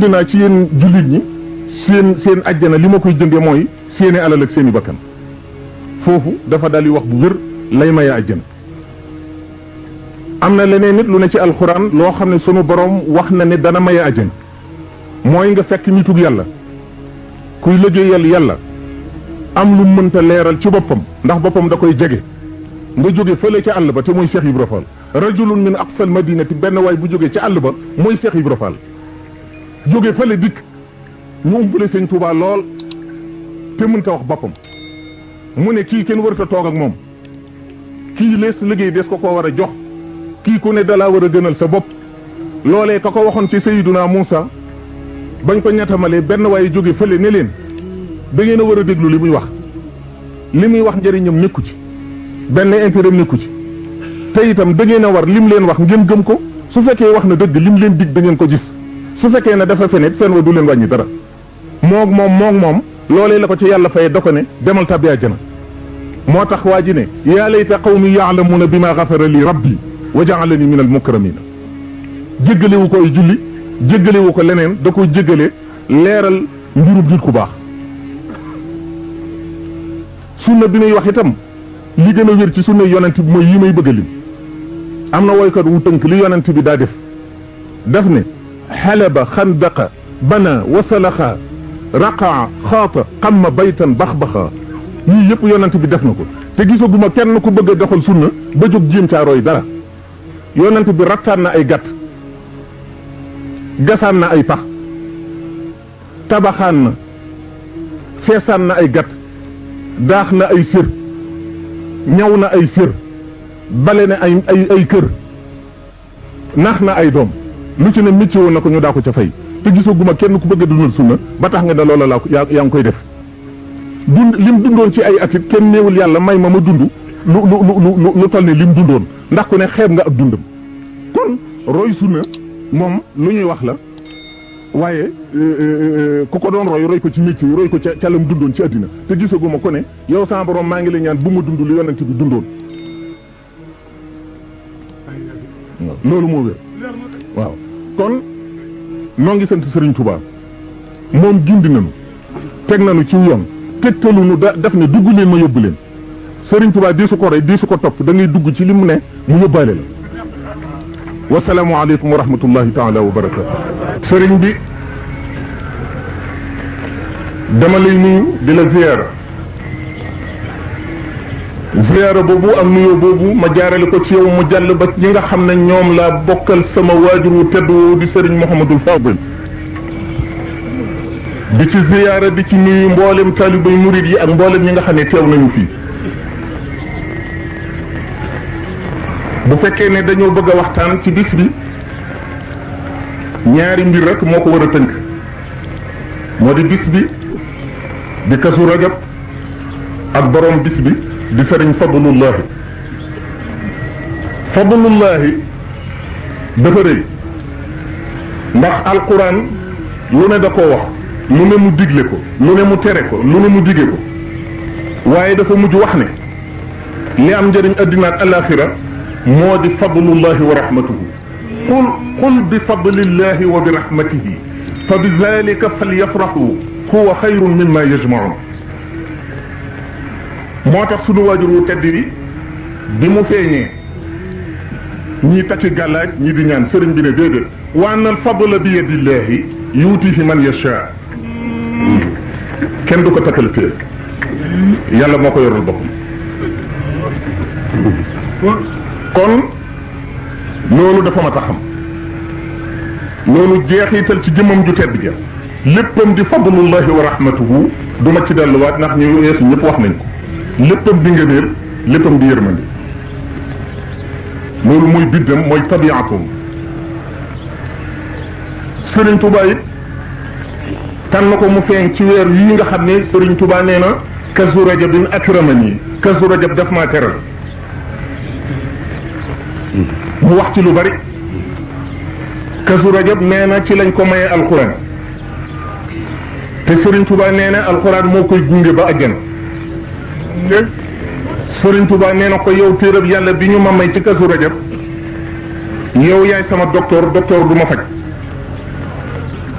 dina ci yéen julit ñi seen seen aljana li koy jënde moy seeni alal ak seeni bakkan fofu dafa dal di wax bu wér lay may aljana amna leneen nit lu ne ci alquran lo xamne sunu borom wax na ne dana may aljana moy nga fekk nitug yàlla kuy liggéeyal yàlla yalla am lu mënta leral ci bopam ndax bopam da koy jege nga jóge fële ci àll ba te moy Cheikh ibrahim rajulun min aqsal madinati ben way bu jógee ci àll ba mooy Cheikh ibrahim jóge fële dikk ñu umpale sëñ Touba lool te ko wax boppam mu ne kii kenn warut a toog ak moom kii lees liggéey des ko koo war a jox kii ku ne dalaa war a gënal sa bopp loolee ka ko waxoon ci Sayyiduna Muusa bañ ko ñettamalee benn waaye jóge fële ne leen da ngeen war a déglu li muy wax li muy wax njëriñam nekku ci benn intérêt nekku ci te itam da ngeen a war mu leen wax ngeen gëm ko su fekkee wax na dëgg mu leen dig da ko gis su fekkee ne dafa fenit fen wa du leen wàññi dara moog moom moog moom loolee la ko ci yàlla fa da ko ne demal tàbbi àjjana moo tax waa ji ne yaa layta qawmi yaalamuuna bi ma xafara li rabbi wa jaalani min al mukramina jéggalewu ko ay julli jéggalewu ko leneen da ko jéggale leeral mbirub nit ku baax sunna bi muy wax itam li gën a wér ci sunna yonent bi mooy yi may bëgg a lim am na woykat wu tënk li yonent bi daa def def ne xalaba xandaqa bana wasalaxa raqaa xaata xamma baytan baxbaxa yii yëpp yonent bi def na ko te gisaguma kenn ku bëgg a doxal sunna ba jóg jéem caa roy dara yonent bi rattaan na ay gat gasaan na ay pax tabaxaan na feesaan na ay gat daax na ay sér ñaw na ay sér bale na ay ay kër naax na ay doom lu ci ne métier woon na ko ñu daa ko ca fay te gisaguma kenn ku bëgg a dundal sunna ba tax nga ne loola laa ko yaa ngi koy def dund lim dundoon ci ay at it kenn néewul yàlla may ma ma dund lu lu lu lu toll ne lim dundoon ndax ku ne xeeb nga ak dundam kon roy sunna moom lu ñuy wax la waaye euh, euh, euh, ku ko doon roy roy ko ci métier roy ko ca ca lam dundoon ci àddina te gisaguma ko ne yow sama borom maa ngi la ñaan bu ma dund lu yonent bi dundoon loolu moo wér waaw kon noo ngi sant sëriñ Touba moom gindi nañu teg nañu ci yoon tegtalu nu da def ne dugg leen ma yóbbu leen Serigne Touba di su ko rey di su ko topp dangay dugg ci li mu ne mu yóbbaale la wasalaamualeykum wa rahmatullahi taala wa barakatu Serigne bi dama lay nuyu di la ziyaara ziyaara boobu ak nuyoo boobu ma jaarale ko ci yow mu jàll ba ñi nga xam ne ñoom laa bokkal sama waajur wu tedd woowu di sëriñ Mouhamadul Fadil di ci ziyaara di ci nuyu mboolem taalibay murid yi ak mboolem ñi nga xam ne teew nañu fii bu fekkee ne dañoo bëgg a waxtaan ci bis bi ñaari mbir rek moo ko war a tënk moo di bis bi di kasu rajab ak boroom bis bi di sëriñ fadlullahi fadlullahi dafa rëy ndax alquran lu ne da koo wax lu ne mu digle ko lu ne mu tere ko lu ne mu dige ko waaye dafa mujj wax ne li am njëriñ addina ak alaxira moo di fadlullahi wa rahmatuhu qul qul bi fadlillahi wa bi rahmatihi fa bi dalika falyafrahu huwa xayrun mimma yajmaun moo tax sunu waajur wu tedd bi bi mu feeñee ñii takki gàllaaj ñi di ñaan sëriñ bi ne déedéet wa anna al fadla bi yadillahi yuutihi man yasha kenn du ko takkal téeg yàlla moo ko yorul boppam kon loolu dafa mat a xam loolu jeexital ci jëmmam ju tedd ja léppam di fadlullahi wa rahmatuhu du ma ci delluwaat ndax ñu weesu ñëpp wax nañ ko léppam di ngëneel léppam di yërmande loolu mooy biddam mooy tabiatum sëriñ tuba it tànn ko mu feeñ ci weer yii nga xam ne sëriñ tuba nee na kasu rajab din akramani kasu rajab daf maa teral mu wax ci lu bari kasu rajab nee na ci lañ ko maye alquran te sëriñ tuba nee na alquran moo koy gunge ba àjjana ne Serigne nee na ko yow téerab yàlla bi ñu ma may ci kasu rajab yow yaay sama docteur docteur du ma faj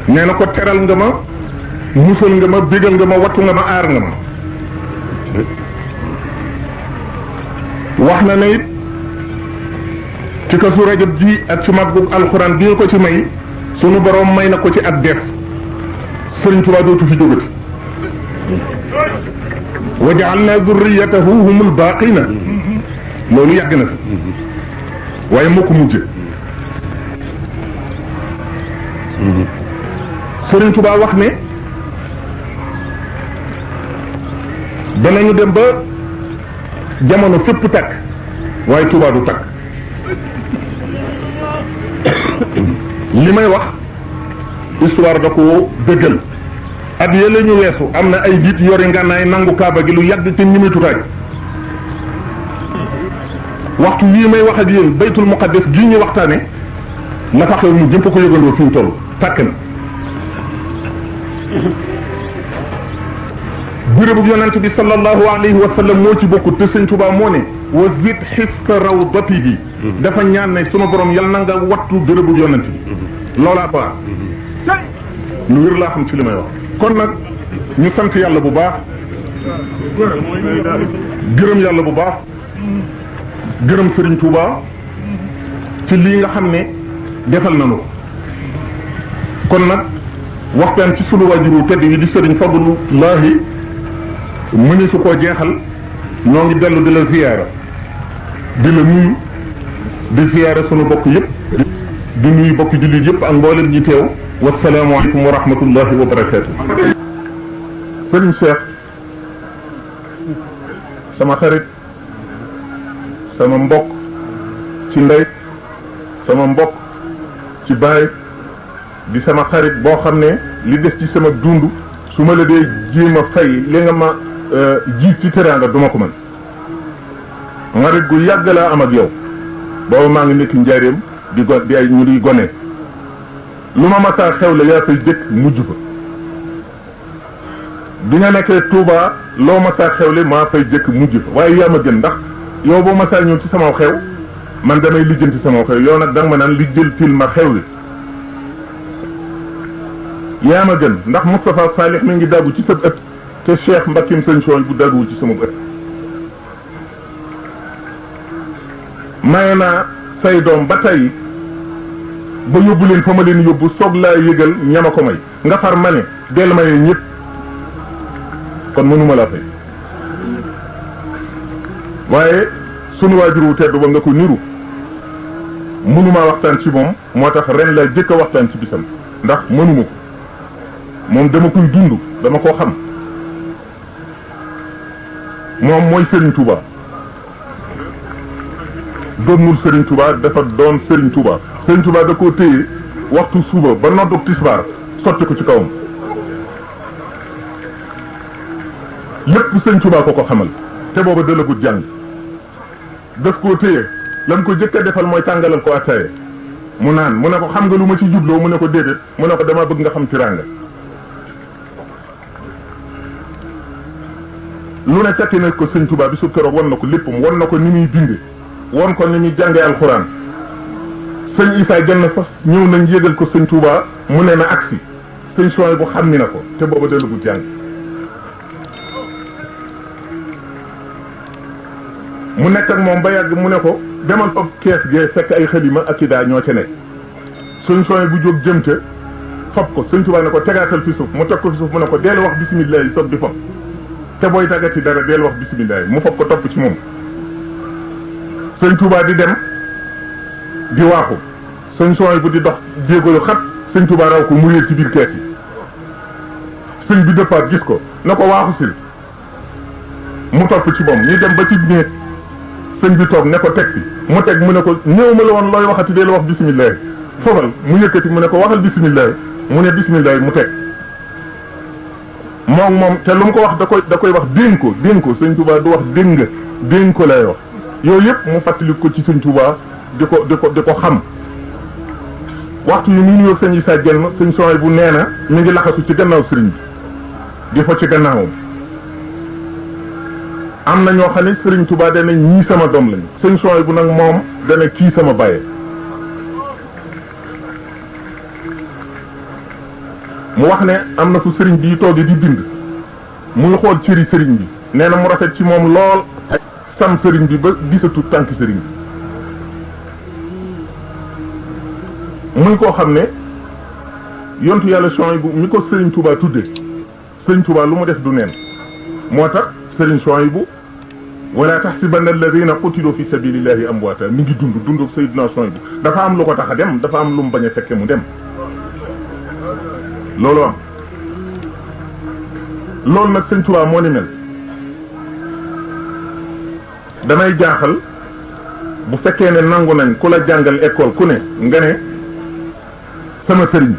nee na ko teral nga ma musal nga ma bégal nga ma wattu nga ma aar nga ma wax na ne it ci kasu rajab ji ak ci màggug alxuraan bi nga ko ci may sunu boroom may na ko ci ak def Serigne Touba dootu fi jógati wajaalna zurriyatahu humul baaqina loolu yàgg na fi waaye moo ko mujje Sëriñ Tuubaa wax ne danañu dem ba jamono fépp takk waaye Tuubaa du takk li may wax histoire da ko dëggal at yële ñu weesu am na ay jiit yori ngànnaay nangu kaaba gi lu yàgg te ñimitu raaj waxtu yii may wax ak yéen baytul muqaddas gii waxtaane la fa xew ñu jëmp ko yëgandoo fi ñu tàkk na bërëbu yonent bi sallallahu alayhi wa moo ci bokkut te sëñ Tuubaa moo ne wa zid rawdatihi mm-hmm. dafa ñaan ne sunu borom yal na nga wattu bërëbu yonent bi mm-hmm. loolaa ko lu wér laa xam ci li may wax kon nag ñu sant yàlla bu baax gërëm yàlla bu baax gërëm Serigne Touba ci lii nga xam ne defal nañu kon nag waxtaan ci sunu waajuru tedd yi di Serigne Fadlullahi mu koo jeexal ñoo ngi dellu di la ziyaara di la nuyu di ziyaara sunu bokk yépp di nuyu bokki jullit yëpp ak mboolem ñi teew wasalaamualeykum wa rahmatullahi wa barakaatu. sëriñ Cheikh sama xarit sama mbokk ci ndey sama mbokk ci baay di sama xarit boo xam ne li des ci sama dund su ma la dee jéem a fay li nga ma euh, jiit ci teraanga duma ko mën xarit gu yàgg laa am ak yow booba maa ngi nekk njaareem di go di ay ñu di gone lu ma masaa xew la yaa fay jëkk mujj fa bi nga nekkee Touba loo masaa xewle maa fay jëkk mujj fa waaye yaa ma gën ndax yow boo masaa ñëw ci sama xew man damay lijjanti sama xew yow nag danga ma naan lijjantil ma xew li yaa ma gën ndax Moustapha Salih mi ngi dagu ci sa ëtt te Cheikh Mbakim sëñ Sooñ bu daguwul ci sama ëtt maye naa say doom ba tey ba yóbbu leen fa ma leen yóbbu soog laa yëgal ñama ko may nga far ma ne dell ma ne ñëpp kon mënuma laa fay waaye sunu waajur wu tedd ba nga ko niru mënuma waxtaan ci moom moo tax ren laa jëkk a waxtaan ci bisam ndax mënuma ko moom dama koy dund dama koo xam moom mooy Serigne Touba doonul sëriñ Touba dafa doon Serigne Touba sëñ Tuubaa da koo téye waxtu suba ba nodduk tisbaar sotti ko ci kawam lépp sëñ tubaa ko ko xamal te booba dëlagut jàng daf koo téye lam ko jëkk defal mooy tàngalal ko attaaye mu naan mu ne ko xam nga lu ma ci jubloo mu ne ko déedéet mu ne ko dama bëgg nga xam tiraanga lu ne catti na ko sëñ tubaa bi su keroog won na ko lépp won na ko ni muy binde won ko ni muy jàngee alxuraan sëñ Issa na sax ñëw nañ yëgal ko sëñ Touba mu ne na agsi sëñ Souhaï bu xam ni na ko te booba dellugu jàng mu nekk ak moom ba yàgg mu ne ko demal foofu kees gee fekk ay xalima ak i daa ñoo ca nekk sëñ Souhaï bu jóg jënt ca fab ko sëñ Touba ne ko tegaatal fi suuf mu teg ko fi suuf mu ne ko deel wax bisimilah yi soog di fab te booy tàggati dara deel wax bisimilah yi mu fab ko topp ci moom sëñ Touba di dem. di waaxu sëñ sooy bu di dox jéego yu xat sëñ Tuubaa raw ko mu réer ci biir kees yi sëñ bi dëppaat gis ko na ko waaxu si mu topp ci moom ñuy dem ba ci néeg sëñ bi toog ne ko teg fi mu teg mu ne ko ñëw ma la woon looy waxati dee la wax bisimilah fobal mu yëkkati mu ne ko waxal bisimilah mu ne bisimilah mu teg moom moom te lu mu ko wax da koy da koy wax dénk ko dénk ko sëñ Tuubaa du wax dégg nga dénk ko lay wax yooyu yëpp mu fàttali ko ci sëñ diko diko diko xam waxtu yi ñu ñëw señ isa genn señ soy bu neena mi ngi laxasu ci gannaaw serigne bi di fa ci gannaawam am na ñoo xam ne serigne touba dana ñii sama doom lañ señ soy bu nag moom dana kii sama baye mu wax ne am na fu serigne bi toogee di bind muy xool cëri serigne bi neena mu rafet ci moom lool sam serigne bi ba gisatu tànk serigne bi muy koo xam ne yontu yàlla Souhaïbou mi ko Serigne Touba tudde Serigne Touba lu mu def du neen moo tax bu tax si Serigne Souhaïbou wala tahsibanna alladina qutilu fi sabilillahi amwaata mi ngi dund dund Seydina Souhaïbou dafa am lu ko tax a dem dafa am lu mu bañ a fekke mu dem loolu am loolu nag Serigne Touba moo ni mel damay jaaxal bu fekkee ne nangu nañ ku la jàngal école ku ne nga ne sama sëriñ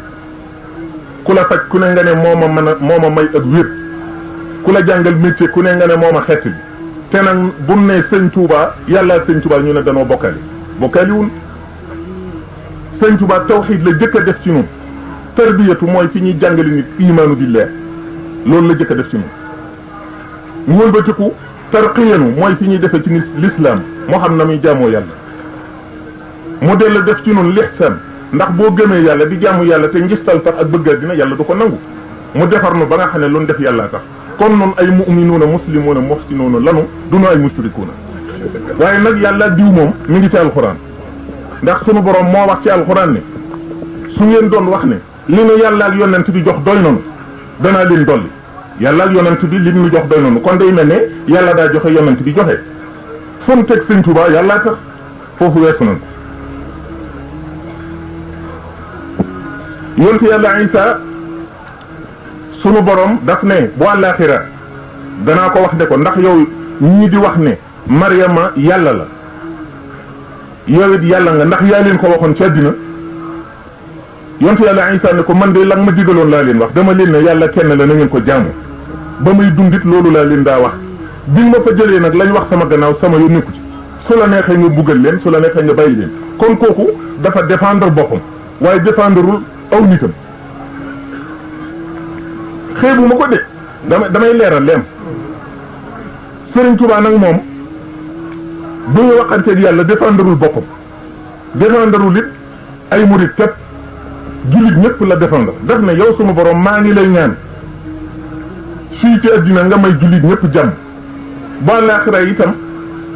ku la faj ku ne nga ne moo ma mën a moo ma may ak wér ku la jàngal métier ku ne nga ne moo ma xeet te nag bu ne sëñ Touba yàlla sëñ Touba ñu ne danoo bokkali bokkaliwul sëñ Touba tawxiid la jëkk a def ci ñun tarbiyatu mooy fi ñuy jàngale nit imaanu billaah loolu la jëkk a def ci ñun mu wëlbatiku tarqiyanu mooy fi ñuy defee ci nit lislaam moo xam na muy jàmmoo yàlla mu la def ci ñun lixsaan ndax boo gëmee yàlla di jàmm yàlla te ngistal tax ak bëgg dina yàlla du ko nangu mu defar nu ba nga xam ne loolu def yàllaa tax kon noonu ay muminuuna muslimuuna muxsinuuna lanu dunu ay musrikuuna waaye nag yàlla diw moom mi ngi ci alxuraan ndax sunu borom moo wax ci alxuraan ne su ngeen doon wax ne li nu yàlla ak yonent bi jox doy nanu danaa leen dolli yàlla ak yonent bi li nu jox doy noonu kon day mel ne yàlla daa joxe yonent bi joxe fun teg sëñ Tuubaa yàllaa tax foofu weesu nañ ko yontu yàlla Isa sunu boroom daf ne bu àllaaxira danaa ko wax ne ko ndax yow ñii di wax ne Maryama yàlla la yow it yàlla nga ndax yaa leen ko waxoon ci àddina yontu yàlla Isa ne ko man de lan ma digaloon laa leen wax dama leen yàlla kenn la na ngeen ko jaamu ba muy dundit loolu laa leen daa wax bi ma fa jëlee nag lañ wax sama gannaaw sama yoon nekku ci su la neexee nga buggal leen su la neexee nga bàyyi leen kon kooku dafa défendre boppam waaye défendreul aw nitam xëy bu ma ko de damay damay leeral leem Sëriñ Tuubaa moom bu ñu waxanteeg yàlla défendrul boppam défendrul it ay murit képp jullit ñëpp la défendre def na yow suma borom maa ngi lay ñaan fii ci addina nga may jullit ñëpp jàmm ba laaxira itam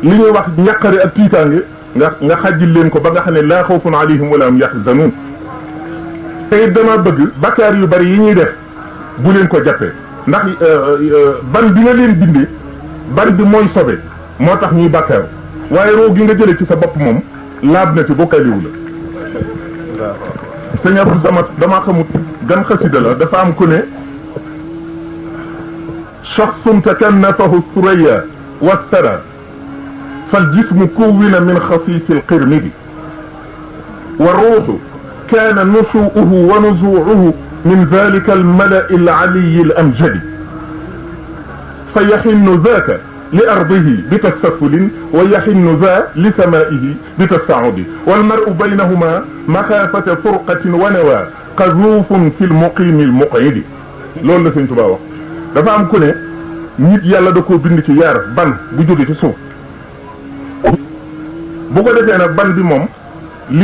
li ñuy wax ñaqare ak tiitaange nga nga xajjil leen ko ba nga xam ne laa xawfun alayhim wala hum yaxzanuun te it dama bëgg bakkaar yu bari yi ñuy def bu leen ko jàppee ndax ban bi nga leen bindee ban bi mooy sobe moo ñuy bakkaar waaye roo gi nga jëlee ci sa bopp moom laab na ci bokkaliwu la sëñ Abdou dama dama xamut gan xasida la dafa am ku ne shaxsun takannafahu suraya wastara fal jismu kuwina min xasiisi alqirmidi كان نشوءه ونزوعه من ذلك الملأ العلي الأمجد فيحن ذاك لأرضه بتسفل ويحن ذا لسمائه بتسعد والمرء بينهما مخافة فرقة ونوى قذوف في المقيم المقعد loolu la sëñ Tuubaa wax dafa am ku ne nit yàlla da koo bind ci yaar ban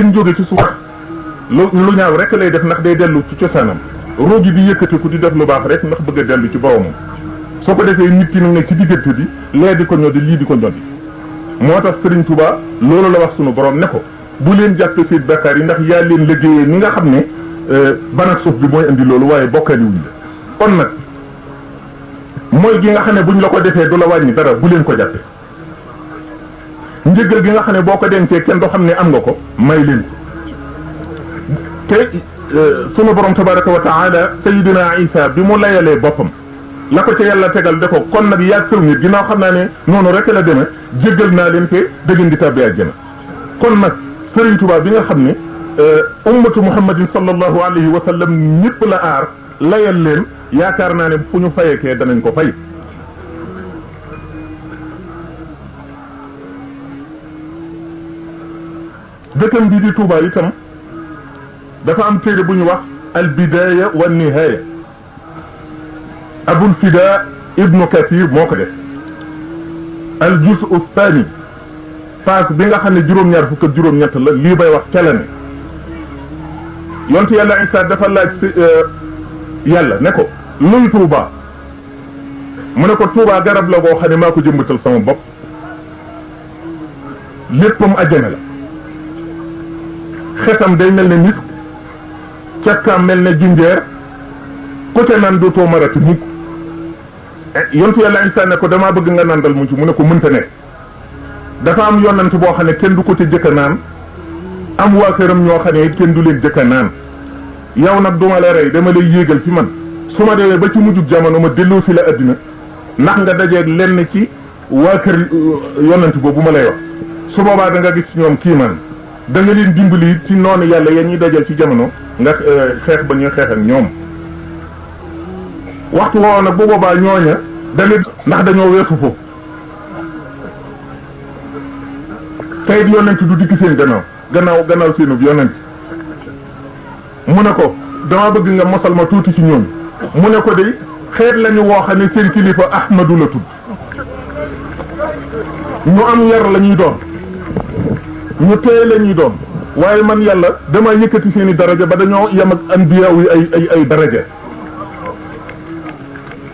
bu jóge ci lu lu ñaaw rek lay def ndax day dellu ci cosaanam roogi bi yëkkatiku di def lu baax rek ndax bëgg a dellu ci boromam soo ko defee nit ki nag ne ci diggante bi lee di ko ñoddi lii di ko ñoddi moo tax Serigne Touba loolu la wax sunu borom ne ko bu leen jàppee seen bakkaar yi ndax yaa leen liggéeyee ñi nga xam ne euh, ban ak suuf bi mooy indi loolu waaye bokkali wuñ la kon nag mooy gi nga xam ne buñ la ko defee du la wàññi dara bu leen ko jàppee njëgal gi nga xam ne boo ko dencee kenn doo xam ne am nga ko may leen te sunu borom tabaraka wa taala sayidina isa bi mu layalee boppam la ko ca yàlla tegal da ko kon nag yaag sëw nit ginnaaw xam naa ne noonu rek la demee jéggal naa leen te dëggin di tabbi àjjana kon nag sëriñ Tuubaa bi nga xam ne ummatu muhammadin sallallahu alayhi wa sallam ñëpp la aar layal leen yaakaar naa ne fu ñu fayekee danañ ko fay dëkkam bi di Tuubaa itam dafa am téere bu ñu wax al bidaya wa nihaya abul fida ibnu kathir moo ko def al jusu thani phase bi nga xam ne juróom-ñaar fukk juróom-ñett la lii bay wax cala ne yonte yàlla isa dafa laaj si yàlla ne ko luy tuuba mu ne ko tuuba garab la boo xam ne maa ko jëmbatal sama bopp léppam ajjana la xetam day mel ne misk càkkaam mel na jinjeer côté nan dootoo marati mukk eh, yontu yàlla insaan ne ko damaa bëgg nga nandal mu mu ne ko mënta ne dafa am yonante boo xam ne kenn du ko te jëkka naan am waa këram ñoo xam ne kenn du leen jëkka naan yow nag duma la rey dama lay yéegal ci man su ma demee ba ci mujjug jamono ma delloo si la addina ndax nga dajeeg lenn ci waa kër uh, yonante boobu ma lay wax su boobaa da nga gis ñoom kii man da nga leen dimbali ci noonu yàlla yéen ñuy dajal ci jamono nga xeex ba ñuy xeex ak ñoom waxtu woo nag bu boobaa ñooña da leen ndax dañoo weesu foofu tayit yonent du dikk seen gannaaw gannaaw gannaaw seenub yonent mu ne ko dama bëgg nga mosal ma tuuti ci ñoom mu ne ko de xeet lañu woo xam ne seen kilifa ahmadu la tudd ñu am yar la ñuy doon ñu teey la ñuy doon waaye man yàlla damaa yëkkati seen i daraja ba dañoo yam ak anbiya ay ay ay daraja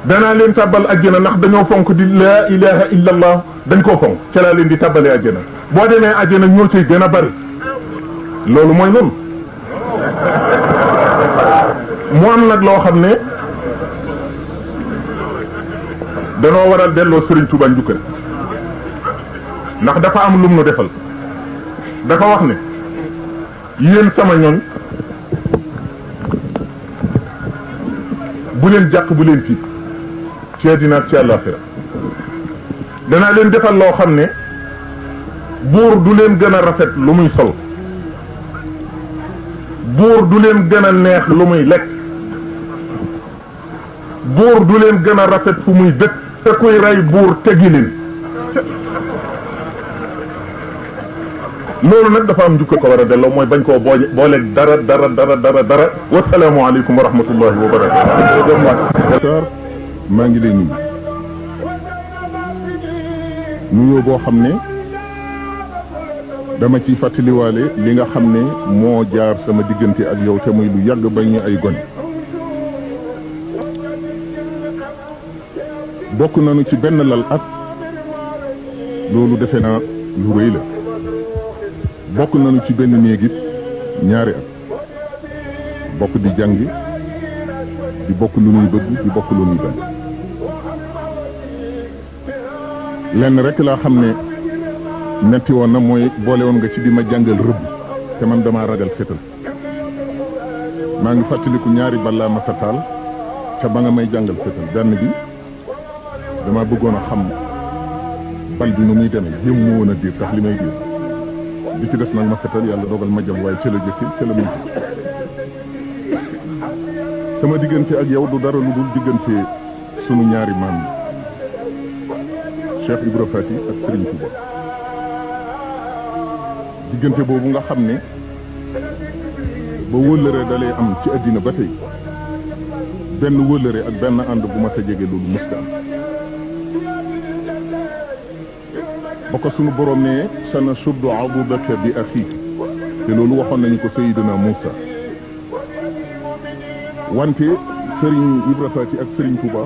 danaa leen tàbbal àjjana ndax dañoo fonk di laa ilaha illa dañ koo fonk ca laa leen di tàbbalee àjjana boo demee àjjana ñoo cay gën a bari loolu mooy noonu mu am nag loo xam ne danoo waral delloo Serigne Touba njukkal ndax dafa am lum nu defal dafa wax ne yéen sama ñoñ bu leen jàq bu leen tiit ci àddina ci àllaaxira danaa leen defal loo xam ne buur du leen gën a rafet lu muy sol buur du leen gën a neex lu muy lekk buur du leen gën a rafet fu muy dëkk te kuy rey buur tegi leen loolu nag dafa am njukka ko war a delloo mooy bañ koo boo booleeg dara dara dara dara dara wasalaamualeykum wa rahmatullahi wa barakatu maa ngi lay nuyu nuyoo boo xam ne dama ci fàttaliwaale li nga xam ne moo jaar sama diggante ak yow te muy lu yàgg ba ñu ay gone bokk nañu ci benn lal at loolu defe naa lu rëy la bokk nañu ci benn néeg ñaari at bokk di jàng di bokk lu ñuy bëgg di bokk lu ñuy bañ lenn rek laa xam ne metti woon na mooy boole woon nga ci di ma jàngal rëbb te man damaa ragal fétal maa ngi fàttaliku ñaari balaa laa sa taal ca ba nga may jàngal fétal benn bi dama bëggoon a xam bal bi nu muy deme yëm a diir tax li may diir يجب ان يكون هناك مجال للمجال للمجال للمجال للمجال للمجال للمجال للمجال للمجال للمجال ba ko sunu borom ne sana suddu adudaka bi akhi te loolu waxoon nañu ko sayidina Moussa wante Serigne Ibra Faty ak Serigne Touba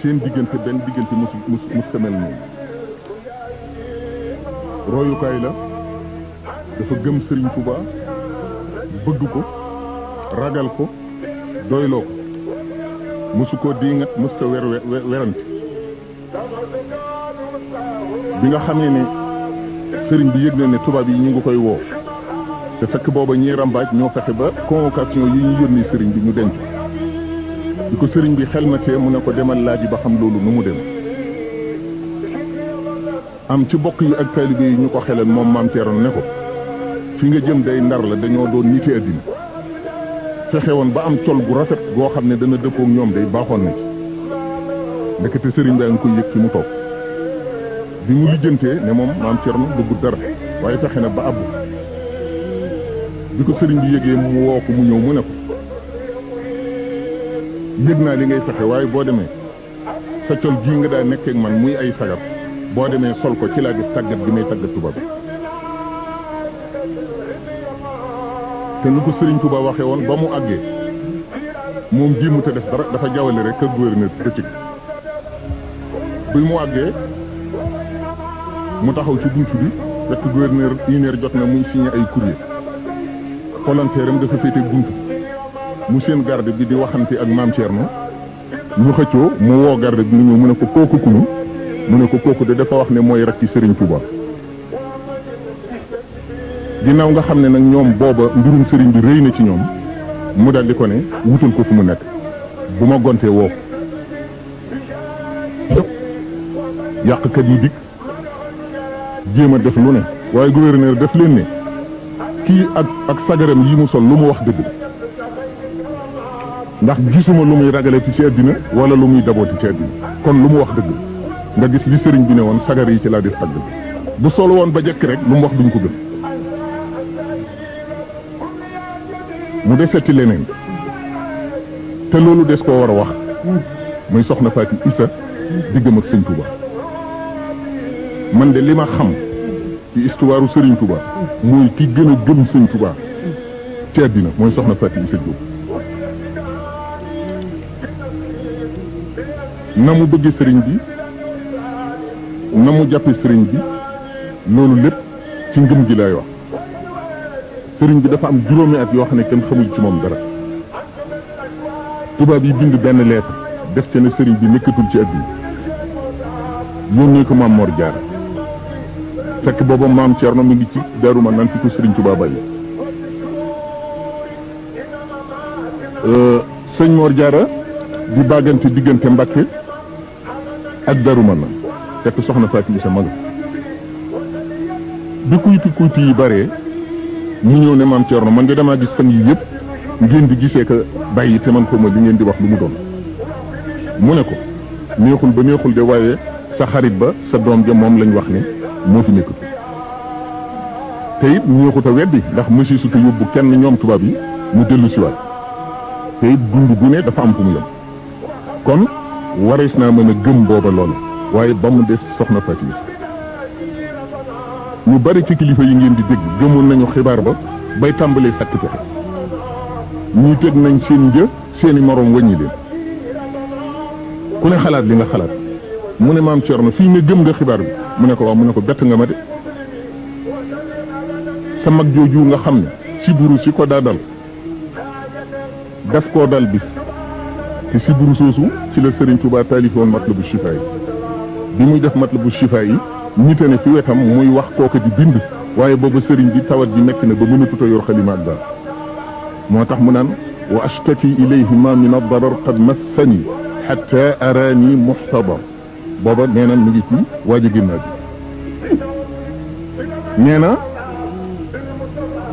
seen diggante benn diggante musu musta mel noonu royukaay la dafa gëm Serigne Touba bëgg ko ragal ko doyloo ko musu ko diingat musta wer werante bi nga xamee ne sëriñ bi yëg na ne tubaab yi ñu ngi koy woo te fekk booba ñiy rambaaj ñoo fexe ba convocation yi ñu yónni sëriñ bi ñu denc di ko sëriñ bi xel ma ci mu ne ko demal laaj yi ba xam loolu nu mu dem am ci bokk yi ak taalibe yi ñu ko xelal moom maam Thierno ne ko fi nga jëm day ndar la dañoo doon niti àddina fexe woon ba am col gu rafet goo xam ne dana dëppook ñoom day baaxoon na ci ndekete sëriñ daa nga koy yëg fi mu ko bi mu lijjantee ne moom maam Thierno bëggul dara waaye fexe na ba àbb bi ko sëriñ bi yëgee mu woo ko mu ñëw mu ne ko yëg naa li ngay fexe waaye boo demee sa col gii nga daa nekkeek man muy ay sagar boo demee sol ko ci laa gis tàggat bi may tàggat tuba bi te nu ko sëriñ tuba waxee woon ba mu àggee moom jéemu te def dara dafa jawale rek ka gouverneur dëcc bi mu àggee mu taxaw ci buntu bi fekk gouverneur une jot na muy signé ay courrier volontaire am dafa féete buntu mu seen garde bi di waxante ak maam Thierno ñu xëccoo mu woo garde bi mu ñëw mu ne ko kooku ku mu ne ko kooku de dafa wax ne mooy rakk ci Serigne Touba. ginnaaw nga xam ne nag ñoom booba mbirum sëriñ bi rëy na ci ñoom mu dal ko ne wutal ko fu mu nekk bu ma gontee woo yàqkat yi dikk jéem a def lu ne waaye gouverneur def leen ne kii ak ak sagaram yi mu sol lu mu wax dëgg ndax gisuma lu muy ragale ci ci àddina wala lu muy dabooti ci àddina kon lu mu wax dëgg nga gis li sëriñ bi ne woon sagar yi ci laa def tagg bu sol woon ba jëkk rek lu mu wax duñu ko gëm mu deseti leneen te loolu des koo war a wax muy soxna Fatou Issa diggam ak sëñ Touba man de li ma xam ci histoire u Serigne Touba mooy ki gën a gëm Serigne Touba ci àddina mooy soxna Fatou Issa Diop na mu sëriñ bi na mu jàppe sëriñ bi loolu lépp ci ngëm ji lay wax sëriñ bi dafa am juróomi at yoo xam ne kenn xamul ci moom dara tubaab yi bind benn lettre def ca ne sëriñ bi nekkatul ci àddina yónnee ko Maam Mor Jaara fekk booba maam Thierno mu ngi ci Daaru Manaan fi ko Serigne Touba bàyyi euh, sëñ Mor Diarra di bàggante diggante Mbacke ak Daaru Manaan fekk soxna Fatou sa mag bi kuyti kuyti yi bare mu ñëw ne maam Thierno man nga damaa gis fan yi yépp ngeen di gisee ko bàyyi te man ko ma li ngeen di wax lu mu doon mu ne ko neexul ba neexul de waaye sa xarit ba sa doom ja moom lañ wax ne moo fi nekkatu ta weddi ndax monsieur sutu yóbbu kenn ñoom tubaab yi mu dellu siwaat te dund gu ne dafa am fu mu yem kon warees naa mën a gëm booba loola waaye ba mu des soxna Fatou ñu bari ci kilifa yi ngeen di xibaar ba bay tàmbalee sàkk pexe ñuy tëdd nañ seen jë seeni moroom wàññi leen ku ne xalaat li nga xalaat mu ne maam Thierno fii ne gëm nga xibaar bi mu ne ko waaw mu ne ko bett nga ma de sa mag jooju nga xam ne siburu si ko daa dal daf koo dal bis te siburu soosu ci la Serigne Touba taalifoon matlabu shifa yi bi muy def matlabu shifa yi nite ne fi wetam muy wax kooka di bind waaye boobu sëriñ bi tawat ji nekk na ba mënatuta yor xalima ak daal moo tax mu naan wa ashtaki ilayhi ma min ad darar qad massani xatta araani muxtabar booba nee na mi ngi ci waaj a ginnaaw bi nee na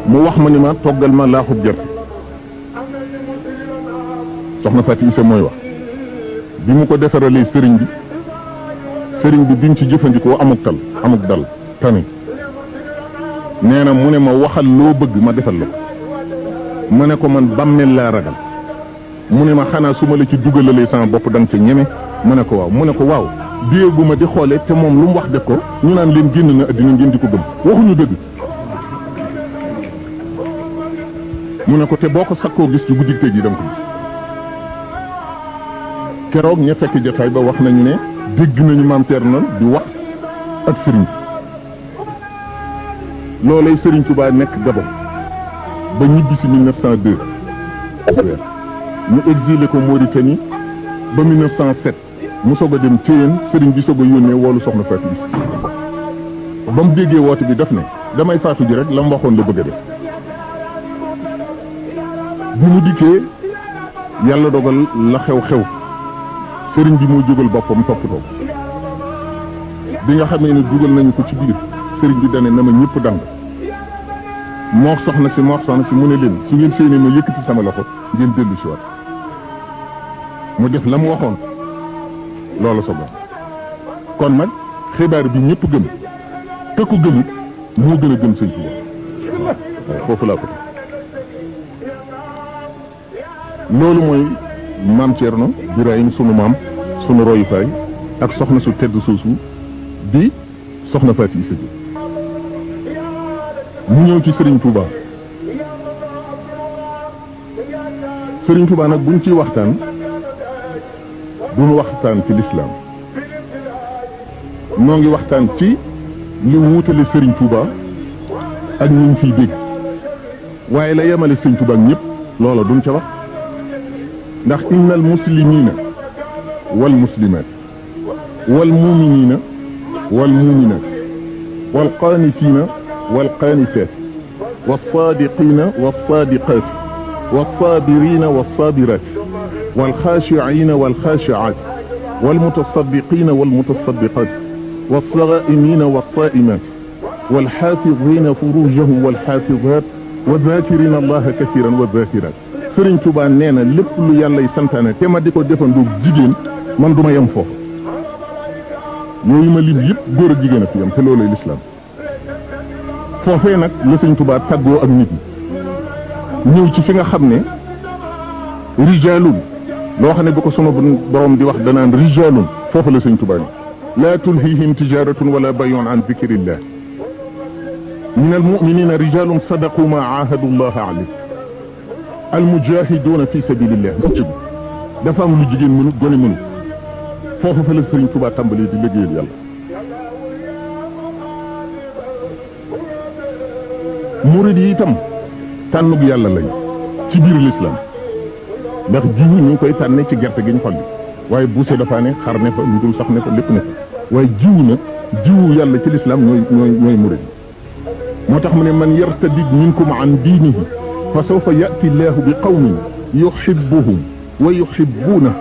mu wax ma ni ma toggal ma laaxub jër soxna Fatou Issa mooy wax bi mu ko defaralee sëriñ bi sëriñ bi bi ci jëfandikoo amuk tal amuk dal tani nee na mu ne ma waxal loo bëgg ma defal la mu ma ne ko man bàmmeel laa ragal mu ne ma xanaa su ma la ci dugalalee sama bopp danga ca ñeme mu ne ko waaw mu ne ko waaw die bu ma di xoolee te moom lu mu wax def ko ñu naan leen génn na àddina ngeen di ko gëm waxuñu dëgg mu ne ko te boo ko sakkoo gis ci guddi tëj yi da nga ko gis keroog ña fekk jotaay ba wax nañu ne dégg nañu maam teer na di wax ak sëriñ loolay sëriñ Tuubaa nekk Gabon ba ñibbi si 1902 ñu exilé ko Mauritanie ba 1907 mu soog a dem téyeen sëriñ bi soog a yónnee woolu soxna Fatou Issa ba mu déggee woote bi daf ne damay faatu ji rek la mu waxoon la bëgg a def bi mu dikkee yàlla dogal la xew-xew sëriñ bi moo jógal boppam toppatoo bi nga xamee ne dugal nañu ko ci biir sëriñ bi dane na ma ñëpp dang moo na si moo soxna si mu ne leen su ngeen séenee ma ci sama loxo ngeen dellu si waat mu def la mu waxoon loola soboon kon nag xibaar bi ñëpp gëm te ku gëmit moo gën a gëm sëñ Tuubaa foofu laa ko loolu mooy maam Thierno Birahim sunu maam sunu royukaay ak soxna su tedd soosu di soxna Faati Isa Jóob mu ñëw ci sëriñ Tuubaa sëriñ Tuubaa nag buñ ci waxtaan دون وقتان في الإسلام نوغي وقتان في لووت لسرين توبا أك في بيك وإلا يما لسرين توبا نيب لولا دون كبا نخ إن المسلمين والمسلمات والمؤمنين والمؤمنات والقانتين والقانتات والصادقين والصادقات والصابرين والصابرات والخاشعين والخاشعات والمتصدقين والمتصدقات والصائمين والصائمات والحافظين فروجه والحافظات وذاكرين الله كثيرا والذاكرات سرين توبا نينا لب لو يالا سانتانا تي ما ديكو ديفون دو جيجين مان دوما يام فوف نيي ما لي ييب غور جيجين فيام تي لولاي الاسلام فوفي نك لو سرين توبا تاغو اك نيت نيو سي فيغا خامني رجالون لو خاني بوكو سونو بروم دي واخ دانان رجال danaan لا سيغ توبا لا تلهيهم تجاره ولا بيع عن ذكر الله من المؤمنين رجال صدقوا ما عاهدوا الله عليه المجاهدون في سبيل الله دا فام لو جيجين منو غوني منو فوفو فلا سيغ توبا تامبالي دي ليغيال يالا مريد يتم تانوك يالا لاي في بير الاسلام ndax ji ñu koy tànne ci gerte gi ñu xol waye buuse dafa ne xar ne fa lu sax ne fa lépp ne fa waaye jiwu nag jiwu yàlla ci l'islam ñooy ñooy ñooy mourid motax mu ne man yartadid minkum an diinihi fa sawfa yati allah bi qawmin yuhibbuhum wa yuhibbuna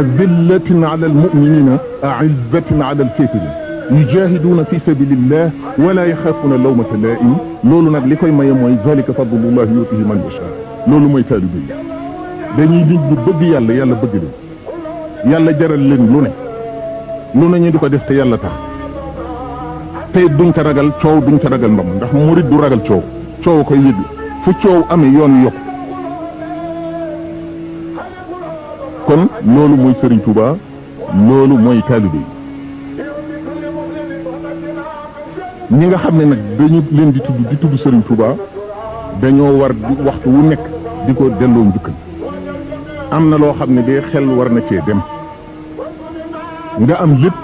adillatin ala almuminina aizzatin ala alkafirin يجاهدون في سبيل الله ولا يخافون لومة لائم لولو نك ليكوي ماي موي ذلك فضل الله يؤتيه من يشاء لولو موي تالبي dañuy nit ñu bëgg yàlla yàlla bëgg leen yàlla jaral leen lu ne lu ne di ko def te yàlla tax tey duñ ca ragal coow duñ ca ragal mbam ndax murit du ragal coow coow koy yëg fu coow amee yoon yokk kon loolu mooy Serigne Touba loolu mooy taalibe ñi nga xam ne nag dañu leen di tudd di tudd Serigne Touba dañoo war waxtu wu nekk di ko delloo njukkal am na loo xam ne de xel war na cee dem nga am lépp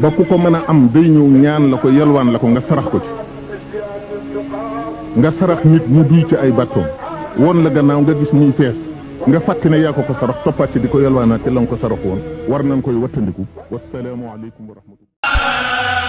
ba ku ko mën a am day ñëw ñaan la ko yalwaan la ko nga sarax ko ci nga sarax nit mu duy ci ay bàttoom woon la gannaaw nga gis muy fees nga fàtti ne yaa ko ko sarax toppaat ci di ko yalwaanaat te la nga ko sarax woon war nañ koy wattandiku wasalaamu aleykum wa rahmatullah